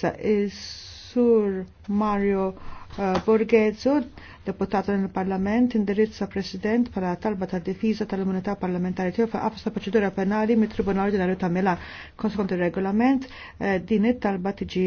Sa sur Mario eh, Borghezzo, deputato nel Parlament, indirizza President pala talba ta' difiża tal-immunità parlamentari tiegħu fa' ta' proċedura penali mit tribunal Ordinarju ta' Milan. Konskont ir-regolament eh, din it-talba tiġi